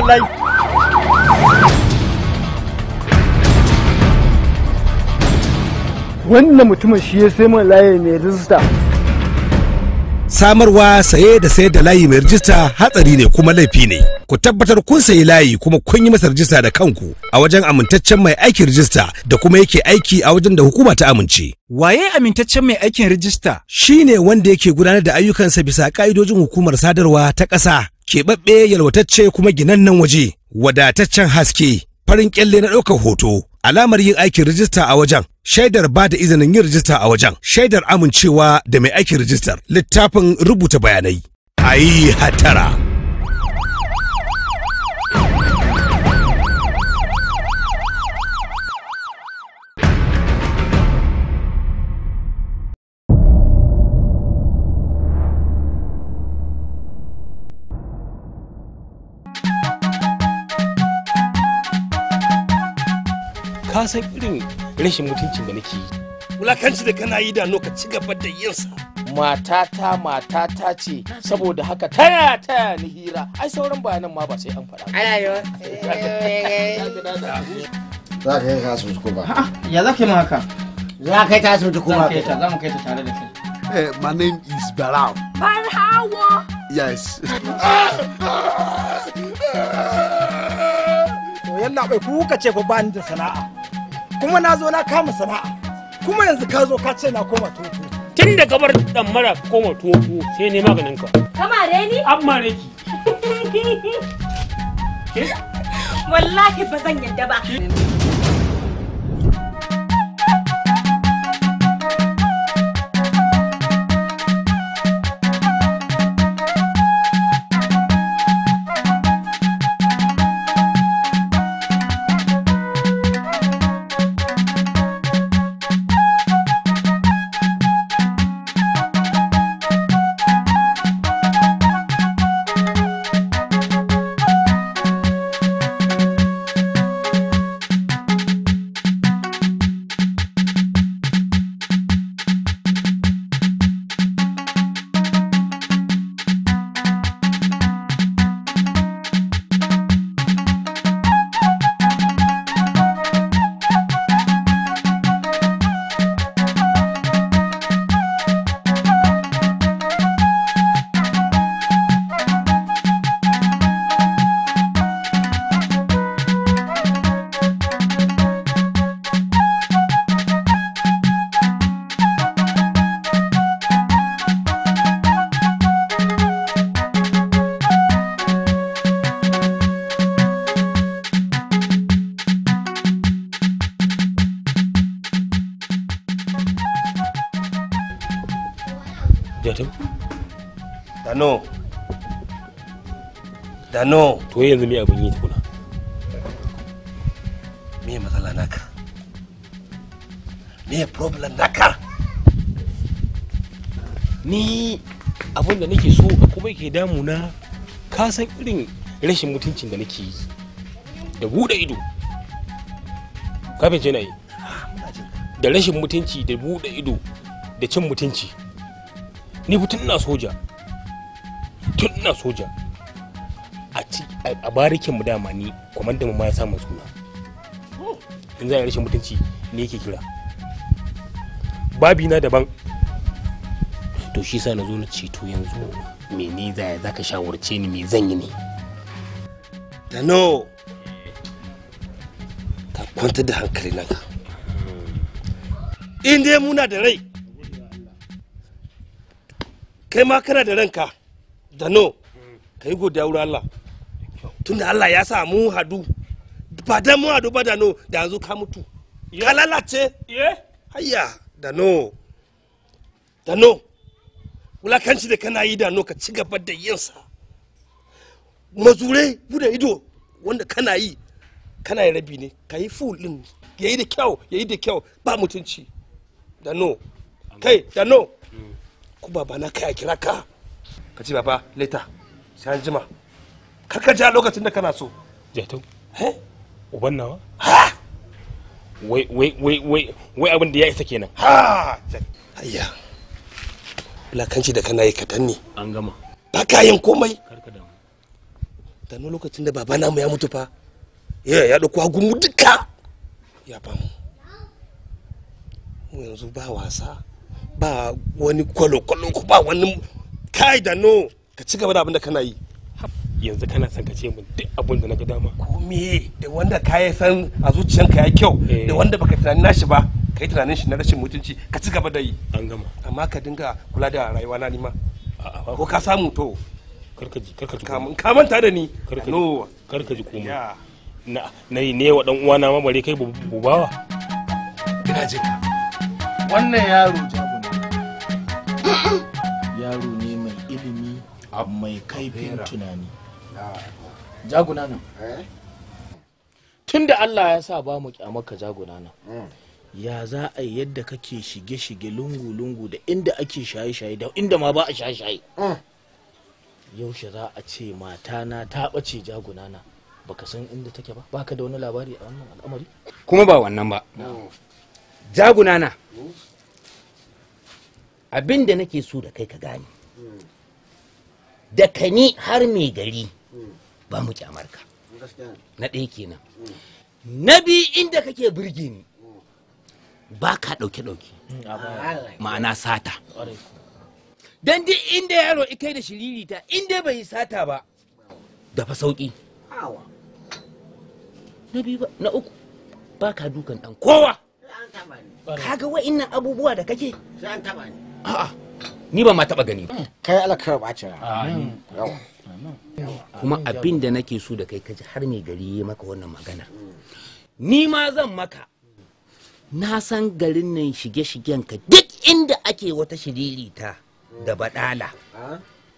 wannan wannan mutumin shi ya sai man layi mai rijista samarwa saye da sayar da layi mai rijista hatsari ne kuma laifi ne ku tabbatar kun sayi layi kuma kun yi masa rijista da kanku a wajen amintaccen mai aikin rijista da kuma yake aiki a wajen da hukuma ta amince waye amintaccen mai aikin rijista shine wanda yake gudanar da ayyukansa bisa ka'idojin hukumar sadarwa ta ƙasa keɓaɓɓe yalwatacce kuma nan waje wadataccen haske farin kyalle na ɗaukar hoto alamar yin aikin rijista a wajen shaidar ba da izinin yin rijista a wajen shaidar amincewa da mai aikin rijistar littafin rubuta bayanai Ayi hatara san irin rashin mutuncin da nake yi wulakanci da kana yi da no ka ci gaba da yinsa. matata matata ce saboda haka taya taya ni hira ai sauran bayanan ma ba sai an faɗa ana yi za ka yi ka asibiti ko ba ya za ka yi haka za ka yi ta asibiti ko ba za mu kai ta tare da kai Hey, eh, my name is Barao. Barao? Yes. Yalla bai kuka ce ko bani da sana'a. kuma na zo na kama sana'a kuma yanzu ka zo ka ce na koma tofu tun da gabar mara koma tofu sai ne maganin ka kamare ni an mare ki wallahi ba zan yadda ba dano dano no to yanzu me abin yi tukuna me matsala naka me problem naka ni abin da nake so kuma yake damuna ka san irin rashin mutuncin da nake yi da buɗe ido kafin na yi da rashin mutunci da buɗe ido da cin mutunci ni fitin ina soja ina soja a barikin mu dama ni kwamanda mu ma ya samu suna in yi rashin mutunci ne yake kira babi na daban to shi sa na zo na ceto yanzu Me ne za Za ka shawarce ni me zan yi ne da no ka kwanta da hankali naka in dai muna da rai kai ma kana da ranka da no ka yi godiya wurin Allah tunda Allah ya sa mu hadu ba dan mu hadu ba da no da yanzu ka mutu ka lalace hayya da no da no wulakanci da kana yi da no ka ci gaba da yinsa mazure bude ido wanda kana yi kana yi rabi ne ka yi full din ya yi da kyau ya yi da kyau ba mutunci da no kai da no ku baba na kai a kira ka ka ci baba later sai an jima kar ka a lokacin da kana so jatau uban nawa wai wai wai wai wai abin da ya isa kenan ha ayya lakanci da kana yi ka ne an gama ba ka yin komai tanu lokacin da baba namu ya mutu fa ya ya ɗauko agunmu duka ya ba mu yanzu ba wasa ba wani kwalo-kwalo ba wani kai da no ka ci gaba da abin da kana yi yanzu kana son ka ce mun duk abin da na ga dama ko me da wanda ka yi san a zuciyanka ya kyau eh. da wanda baka tunanin nashi ba ka yi tunanin shi na rashin mutunci ka ci gaba da yi an gama amma ka dinga kula da rayuwa na nima ko ka samu to karkaji karkaji ka manta da ni karkaji karkaji kuma na ne wa dan uwana ma bare kai bubawa ina jin wannan yaro jabo yaro mai kaifin tunani jaguna nan eh? tun da allah ya sa ba mu kyamaka jaguna nan hmm. ya za a yi yadda kake shige-shige lungu-lungu da inda ake shaye-shaye da inda ma ba a shaye-shaye hmm. yaushe za a ce matana ta ɓace jaguna na baka san inda take ba baka da wani labari a wannan al'amari kuma ba wannan ba hmm. jaguna na abin da nake so da kai ka gane da kani har mai gari ba mu kyamarka na ɗaya kenan na biyu inda kake birge ni ba ka ɗauke-ɗauke ma'ana sata don duk inda yaro ikai da shiririta inda bai sata ba da fa sauƙi na biyu na uku ba ka dukan ɗan kowa kaga wa'innan abubuwa da kake a'a ni ba ma taba gani ba hmm, kai alakar ba ce kuma abin da nake so da kai kaji har mai gari yi maka wannan magana ni ma zan maka na san garin nan shige-shigen ka duk inda ake wata shiririta da badala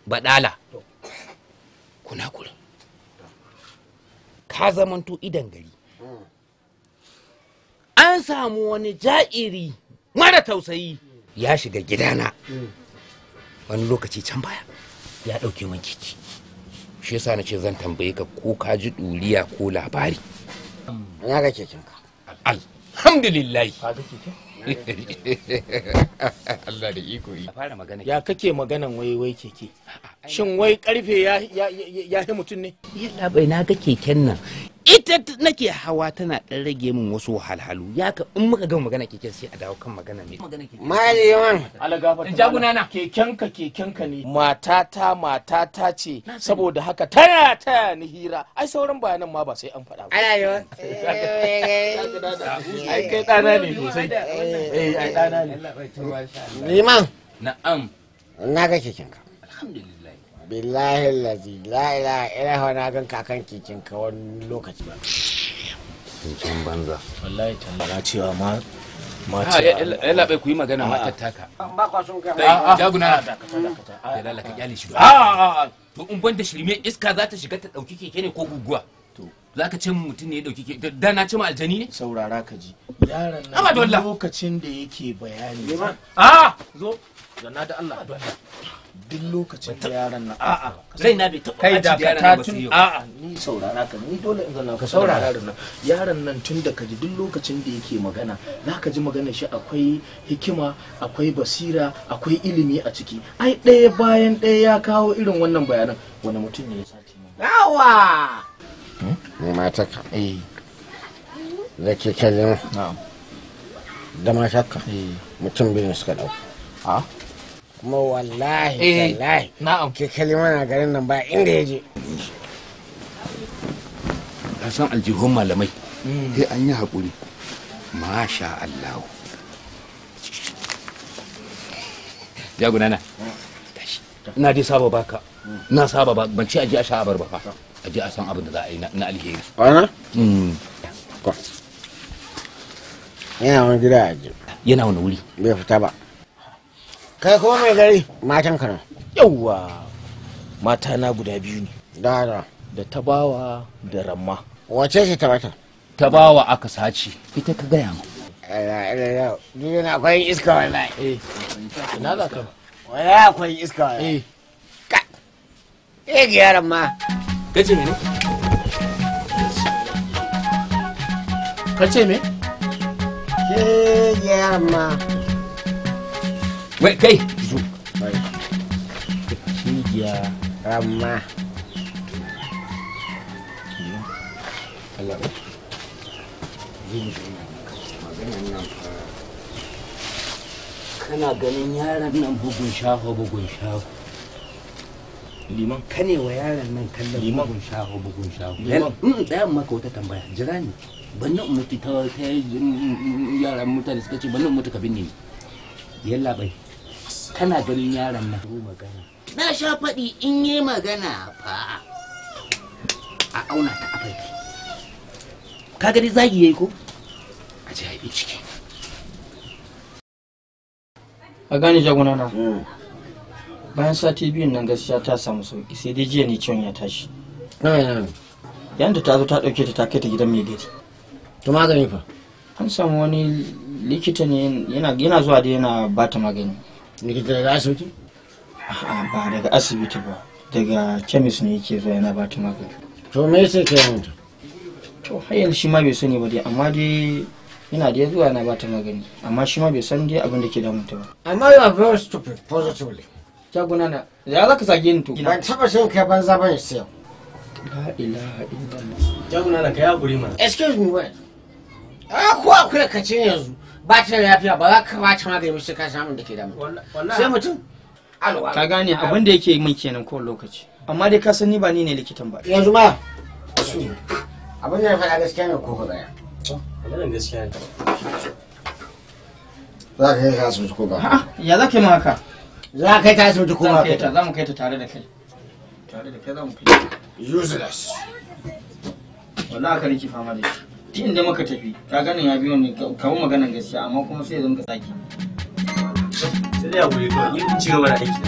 badala kuna kula ka zamanto idan gari an samu wani ja'iri mara tausayi ya shiga gidana hmm. wani lokaci can baya ya ɗauke man kiki shi yasa na ce zan tambaye ka ko ka ji ɗuriya ko labari ya ga kekenka alhamdulillahi Allah da iko yi. Ya kake maganan wai wai keke. Shin wai karfe ya ya ya mutum ne? yalla bai na ga keken nan ita nake hawa tana ɗan rage min wasu wahalhalu ya ka in muka gama magana keken sai a dawo kan magana ne malaman alagafa jaguna na kekenka kekenka ne matata matata ce saboda haka tana taya ni hira ai sauran bayanan ma ba sai an faɗa ba ana ai kai ɗana ne sosai eh ai ɗana ne liman na'am na ga kekenka alhamdulillah billahi lazi la ina ilaha na gan kakan kikin ka wani lokaci ba cikin banza wallahi tallahi cewa ma ah, ya labe ku yi magana ba ka lalaka shi a a to in shirme iska za ta shiga ta dauki keke ne ko guguwa to za ka ce mutum ne ya dauki keke da na ce ma aljani ne saurara ka ji yaran nan lokacin da yake bayani a ah! zo zanna duk lokacin da yaran nan a'a zai na bai taɓa kai da ka tun a'a ni saurara ka ni dole in zanna ka saurara da nan yaran nan tun da ka ji duk lokacin da yake magana za ka ji magana shi akwai hikima akwai basira akwai ilimi a ciki ai ɗaya bayan ɗaya ya kawo irin wannan bayanan wani mutum ne ya sace yawa ne ta ka eh da ke kallon da ma shakka eh. mutum biyu suka ɗauka ah? kuma wallahi eh, wallahi na'am ke kalima na garin nan ba inda yaje ka san aljihun malamai mm. sai an yi haƙuri masha Allah ya gudana na dai saba baka na saba ba ban ci aji a sha'abar ba fa aji a san abin da za a yi na alheri ana mm. yana wani gida aji yana wani wuri bai fita ba kai kuma mai gari matan ka yauwa yawwa mata na guda biyu ne da da da tabawa da ramma wace ce tabata tabawa aka sace ita ka gaya mu duniya na akwai iska wallahi eh, ina za ka waya akwai iska wallahi eh. Eh, ka eh gyaran Ka kace me ne kace me ke ya ma wai kai zo cigiya ramma kana ganin yaran nan bugun shaho bugun shaho liman ka ne wa yaran nan kallon bugun shaho bugun shaho liman ɗayan mm, maka wata tambaya jira ne bannin mutu ta yaran mutane suka ce ka binne yalla bai kana ganin yaron nan magana na sha faɗi in yi magana fa a auna ta afaki ka gani zagi yayi ko a ji haifi ciki a gane jaguna na hmm. bayan sati biyun nan gaskiya ta samu sauki sai dai jiya ne ciwon ya tashi hmm. yanda ta zo ta ɗauke ta ta kai ta gidan mai gari to magani fa an samu wani likita ne yana zuwa da yana bata magani likita daga asibiti a'a ba daga asibiti ba daga kemis ne yake zuwa yana ba ta magani to me yasa ke mutu to har yanzu shi ma bai sani ba dai amma dai yana da zuwa yana ba ta magani amma shi ma bai san dai abin da ke damun ta ba amma you are very stupid positively guna na ya zaka zage ni to ban taba shin kai banza ya sai ba la ilaha illallah guna na kai hakuri mana excuse me wait ah ko akwai kace yanzu ba ta lafiya ba za ka ba ta magani sai ka samu da ke da sai mutum ka gane abin da yake min kenan kowane lokaci amma dai ka sani ba ni ne likitan ba yanzu ma abin da na faɗa gaskiya ne ko ba za ka kai ko ba ya ka yi haka za ka za mu kai ta tare da kai tare da kai za mu kai useless wallahi fama da shi duk inda muka tafi ka ganin ya biyo ne kawo maganan gaskiya amma kuma sai zan ka sake sai ya gure ka ni ci gaba da aiki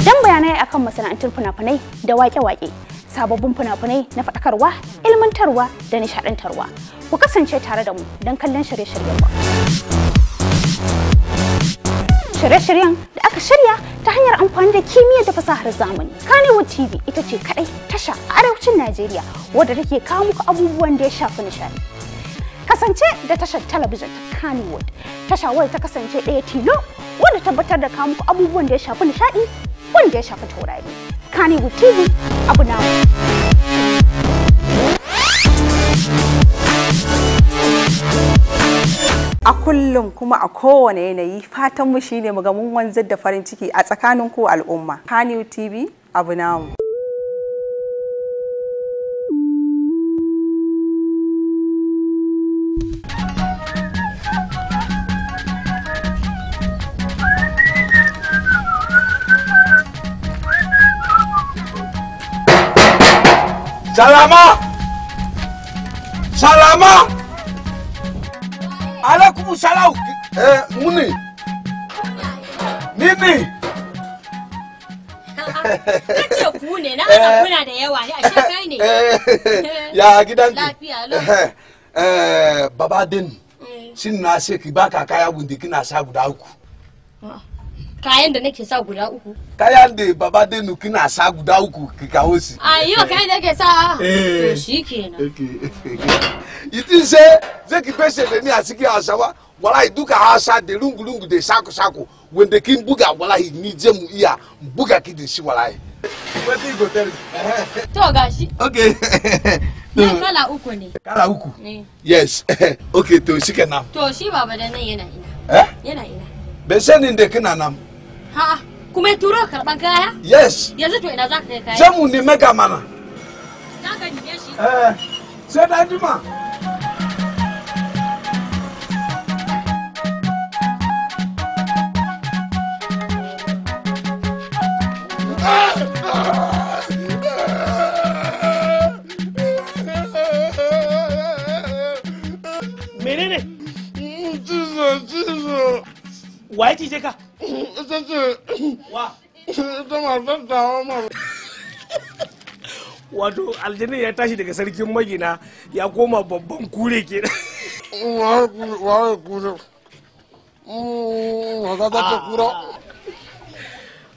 Dan bayanai akan masana'antar fina-finai da wake-wake, sababbin fina-finai na faɗakarwa, ilmantarwa da nishaɗantarwa. Ku kasance tare da mu don kallon shirye-shiryen shirye-shiryen da aka shirya ta hanyar amfani da kimiyya da fasahar zamani. Kanewood TV ita ce kadai tasha a arewacin Najeriya wadda take kawo muku abubuwan da ya shafi nishadi. Kasance da tashar talabijin ta Kanewood, tasha wadda ta kasance ɗaya tilo wadda tabbatar da kawo muku abubuwan da ya shafi nishadi wanda ya shafi taurari. Kanewood TV abu na kullum kuma a kowane yanayi fatan mu shine mu ga mun wanzar da farin ciki a tsakanin ku al'umma Kanu TV abu namu Salama! Salama! alaikum salam muni nini kace ku eh, ya eh, eh, baba din shin na se ki baka kaya gundi kina sa guda uku ah. Ka da nake sa guda Ka kayan da baba denu kina sa guda uku kika osi ayo kayan you think say zeki pese da ni asiki asawa wallahi ha hasa de lungu lungu de saku saku when the king buga wallahi iya buga ki de si wallahi wetin you go kala uku ne kala uku yes okay to shi kenan to shi Ha, kuma ya turo karban kaya? Yes. Yanzu to ina za ka kai kaya? Sai mu neme mana. Za ka nime shi? Eh, sai da jima. Menene? Mm, Waye cije ka? wasan tawa mara wato aljini ya tashi daga sarkin magina ya koma babban kure ke waye kure wata hmm, ta ah. kura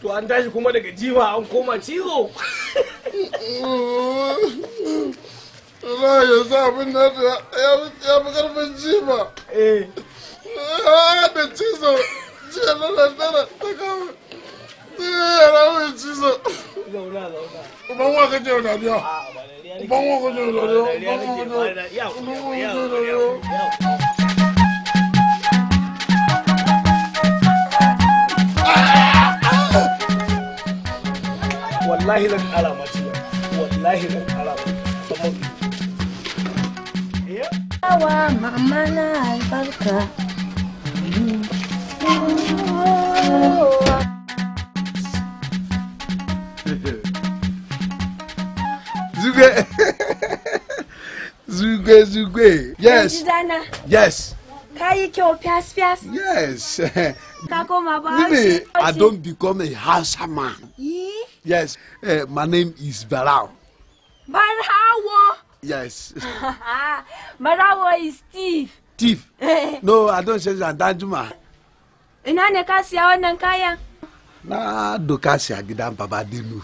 to an tashi kuma daga jiwa an koma cizo Allah ya sa abin da ya fi karfin jiba. Eh. Ah, da cizo jiya na daddare ta kawo. Ubanguwa ka jẹun dàbí ọ. Ubanguwa ka jẹun dàbí ọ. Ubanguwa ka jẹun dàbí ọ. Wallahi zan kara mace wallahi zan kara mace. Yawa mama na albarka. Oh. Zugwe. Zugwe, Zugwe. Yes. Yes. Kayi kyau pias fiyas. Yes. Ka koma ba. Mimi, I don't become a Hausa man. Yi? Yes. Uh, my name is Barao. Barawo. Yes. Barawo is thief. Thief? Eh. no, I don't say that. Danjuma. Ina ne ka siya wannan kayan? Na doka siya gidan Baba Delu.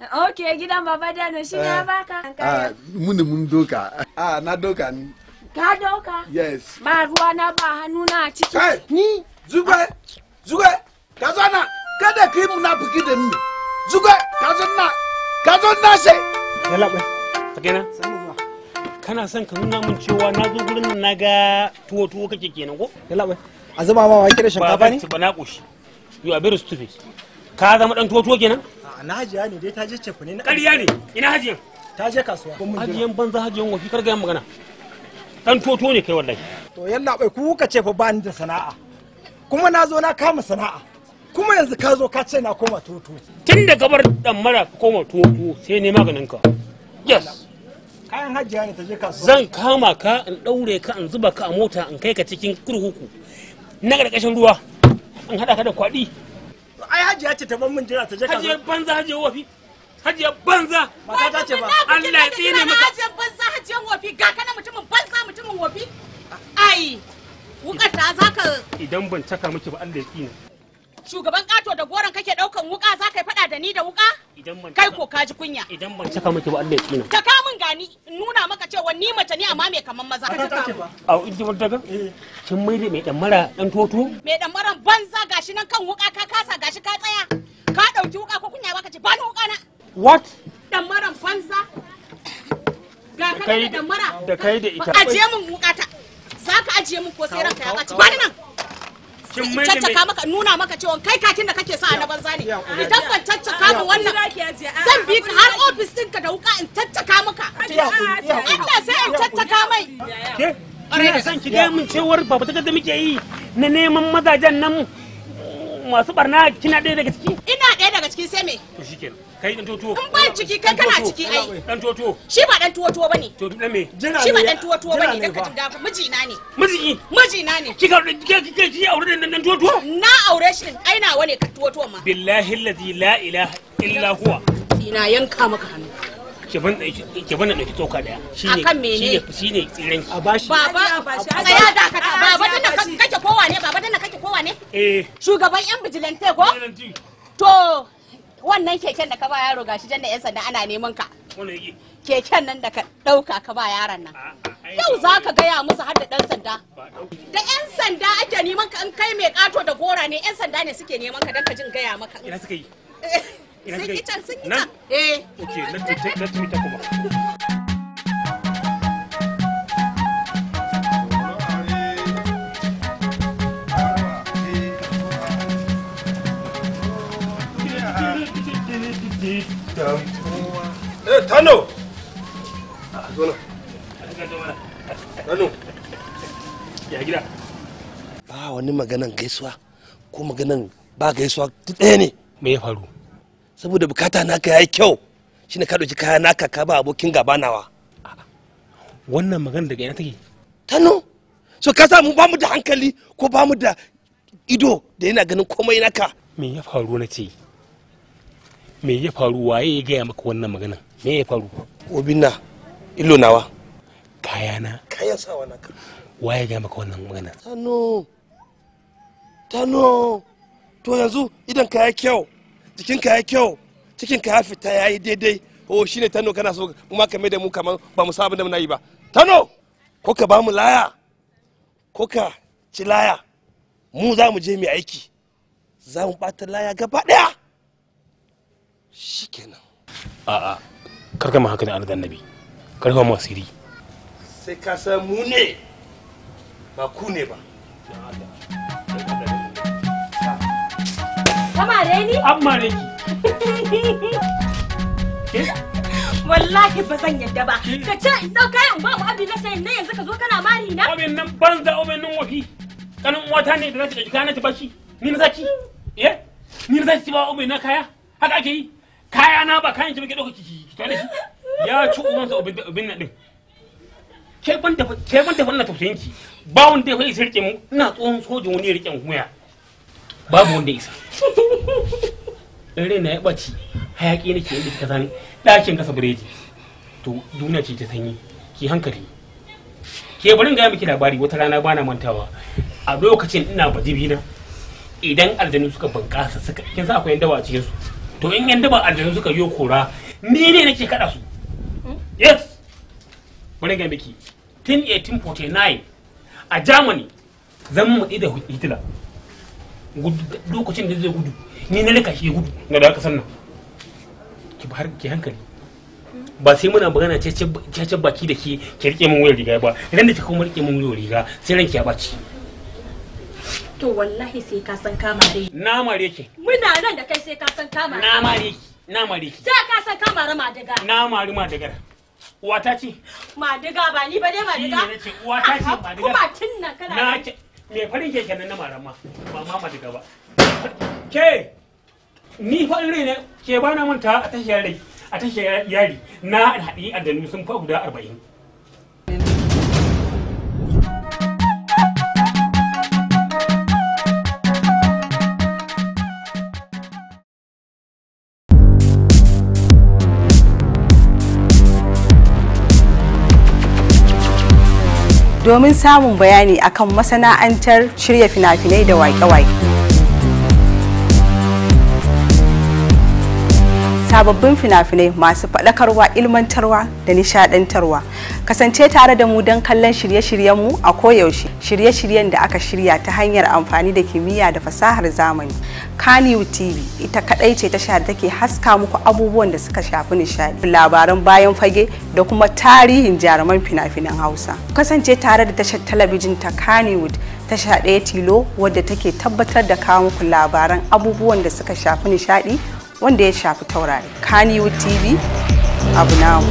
ok gidan baba dano shi na eh, baka a ah, muni mun doka a ah, na doka ni ka doka yes ba ruwa na ba hannu na a ciki ni zugwe ah. zugwe ka zo na kada ka yi munafiki da ni zugwe ka zo na ka zo na shi yalla bai sakena kana son ka nuna min cewa na zo gurin nan na ga tuwo tuwo kake kenan ko yalla bai a zuba ma wake da shinkafa ne ba na koshi yo a very stupid ka zama dan tuwo tuwo kenan na hajiya ne dai ta je cefu ne ƙarya ne ina hajiyan ta je kasuwa hajiyan banza hajiyan wafi kar ga magana dan toto ne kai wallahi to yalla bai ku ka cefa ba ni da sana'a kuma na zo na kama sana'a kuma yanzu ka zo ka ce na koma toto tun da gabar dan mara koma toto sai ne maganin ka yes kayan hajiya ne ta je kasuwa zan kama ka in daure ka in zuba ka a mota in kai ka cikin kurkuku na ƙarƙashin ruwa in haɗa ka da kwaɗi ai hajiya ce ta ban min jira ta je kaza hajiyar banza hajiya wafi hajiya banza mata ta ce ba Allah ya tsine maka hajiya banza hajiya wafi ga kana mutumin banza mutumin wafi ai wukar ta zaka idan ban caka miki ba Allah ya tsine shugaban kato da goron kake daukan wuka za ka faɗa da ni da wuka kai ko ka ji kunya idan ban saka miki ba Allah ya tsina ta ka min gani nuna maka cewa ni mace ne amma mai kaman maza ka ta ba a inji ba daga eh. kin mai mai dan mara dan toto mai dan maran banza gashi nan kan wuka ka kasa gashi ka tsaya ka dauki wuka ko kunya baka ce ba ni wuka na what dan maran banza ga ka da mara da kai da ita ajiye min wuka ta ka ajiye min ko sai ranka ya baci ba ni nan caccaka maka nuna maka cewa kai kakin da kake sa a na banza ne idan ban caccaka mu wannan zan bi ka har ofis ka da wuka in caccaka maka Allah sai in caccaka mai kina son ki ga mun cewar babu ta da muke yi na neman mazajen nan mm, masu barna kina ɗaya daga ciki ina ɗaya daga ciki sai me to shikenan kai dan toto in ban ciki kai kana ciki ai dan toto shi ba dan tuwo tuwo bane to dan me shi ba dan toto bane dan ka tunga miji na ne miji miji na ne kika kika ki aure dan dan toto na aure shi ai nawa ne ka toto ma billahi allazi la ilaha illa huwa ina yanka maka hannu ke ban ke ban dauki tsoka daya shine shine shine tsiren a bashi baba tsaya da ka baba tunda kake kowa ne baba tunda kake kowa ne eh shugaban yan bijilante ko to wannan keken da ka ba yaro gashi janna yan sanda ana neman ka keken nan da ka dauka ka ba yaron nan yau za ka gaya musu har da dan sanda da yan sanda ake neman ka in kai mai kato da gora ne yan sanda ne suke neman ka dan ka jin gaya maka ina suka yi sun yi can eh okay let me take Eh, Tano! Ah, Zona. Tano. Ya gida. Ba wani maganan gaisuwa ko maganan ba gaisuwa duk ɗaya ne. Me ya faru? Saboda bukata naka yayi kyau shine ka ɗauki kaya naka ka ba abokin gaba nawa. Wannan magana daga ina take? Tano. So ka samu ba mu da hankali ko ba mu da ido da yana ganin komai naka. Me ya faru na ce? me ya faru waye ya gaya maka wannan magana me ya faru obinna illo nawa kayana kayan sawa na ka waye ya gaya maka wannan magana tano tano to yanzu idan ka yi kyau jikin ka yi kyau cikin ka ya fita yayi daidai o shine tano kana so kuma ka mai da mu kamar ba mu saba da mu yi ba tano ko ka ba mu laya ko ka ci laya mu za mu je mu aiki za mu ɓata laya gaba daya shikenan a'a karka ma haka ne algan nabi karka mu asiri sai ka san mu ne ba ku ne ba kama da ni amma ne ki wallahi ba zan yadda ba ka ce in dauka yan ba mu abi na sai ne yanzu ka zo kana mari na abin nan banza abin nan wafi kanin wata ne da za ta shiga na ta bashi ni na zaki eh ni na zaki ba abin na kaya haka ake yi kaya na ba kayan ki ɗauka kiki ki tare shi ya ci ubin ubin nan din ke ban da ke ban da wannan tausayin ki ba wanda ya isa rike mu ina tsohon sojin wani riken huya babu wanda isa rena ya ɓaci hayaƙi nake yadda kika san dakin kasa bureji to duniya ce ta sanyi ki hankali ke barin ga miki labari wata rana bana mantawa a lokacin ina bajibina idan aljanu suka bunkasa suka kin sa akwai dawa a cikin su to in yan daba aljanu suka yo kora ni ne nake kada su yes bari ga miki tun 1849 a germany zan mu da hitler lokacin da zai gudu ni na rika shi gudu ga da aka sanna ki bar ki hankali ba sai muna magana cece baki da ke ki rike min wayar riga ba idan da ta kuma rike mun wayar riga sai ranki ya baci to wallahi sai ka san kama dai na mare ki muna nan da kai sai ka san kama na mare ki na mare ki sai ka san kama rama daga na mare ma daga uwata ce madiga ba ni ba dai madiga ne ce uwata ce madiga kuma tun nan kana na ce me farin ke kenan na maran ma ba ma madiga ba ke ni fa rai ne ke bana manta a tashiyar rai a tashiyar yari na haɗi addanu sun fa guda arba'in domin samun bayani akan masana'antar shirya fina-finai da waƙe-waƙe. sababbin fina-finai masu faɗakarwa ilmantarwa da nishaɗantarwa kasance tare da mu don kallon shirye-shiryenmu a koyaushe shirye-shiryen da aka shirya ta hanyar amfani da kimiyya da fasahar zamani kaniyu tv ita kaɗai ce tasha da take haska muku abubuwan da suka shafi nishaɗi labaran bayan fage da kuma tarihin jaruman fina-finan hausa kasance tare da tashar talabijin ta kaniwood tasha ɗaya tilo wadda take tabbatar da kawo muku labaran abubuwan da suka shafi nishaɗi wanda ya shafi taurari kaniwood tv abu namu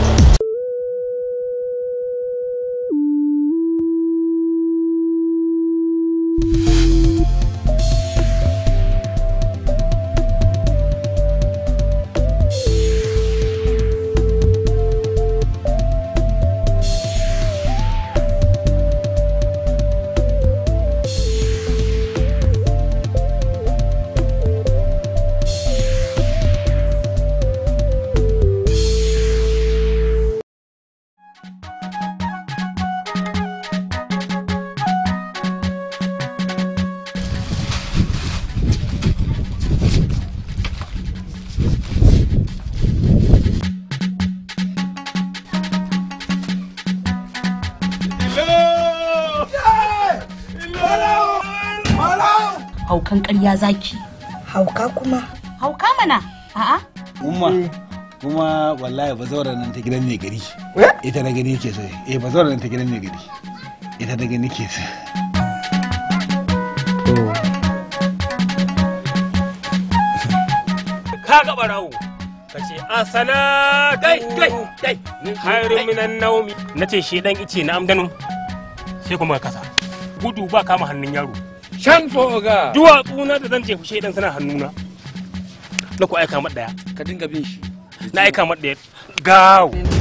haukan ƙarya zaki hauka kuma hauka mana a'a umma hmm. kuma wallahi ba zaura nan ta gidan mai gari eh? ita na gani ke so eh ba zaura nan ta gidan mai gari ita na gani ke so ka ga barawo ka ce asala dai dai dai har minan naumi nace shi dan ice na amdanu sai kuma kasa gudu ba kama hannun yaro Shan for Duwatsu na da zan jefu shaidan suna hannuna. Na ku aika mat Ka dinga bin shi. Na aika mat Gawo.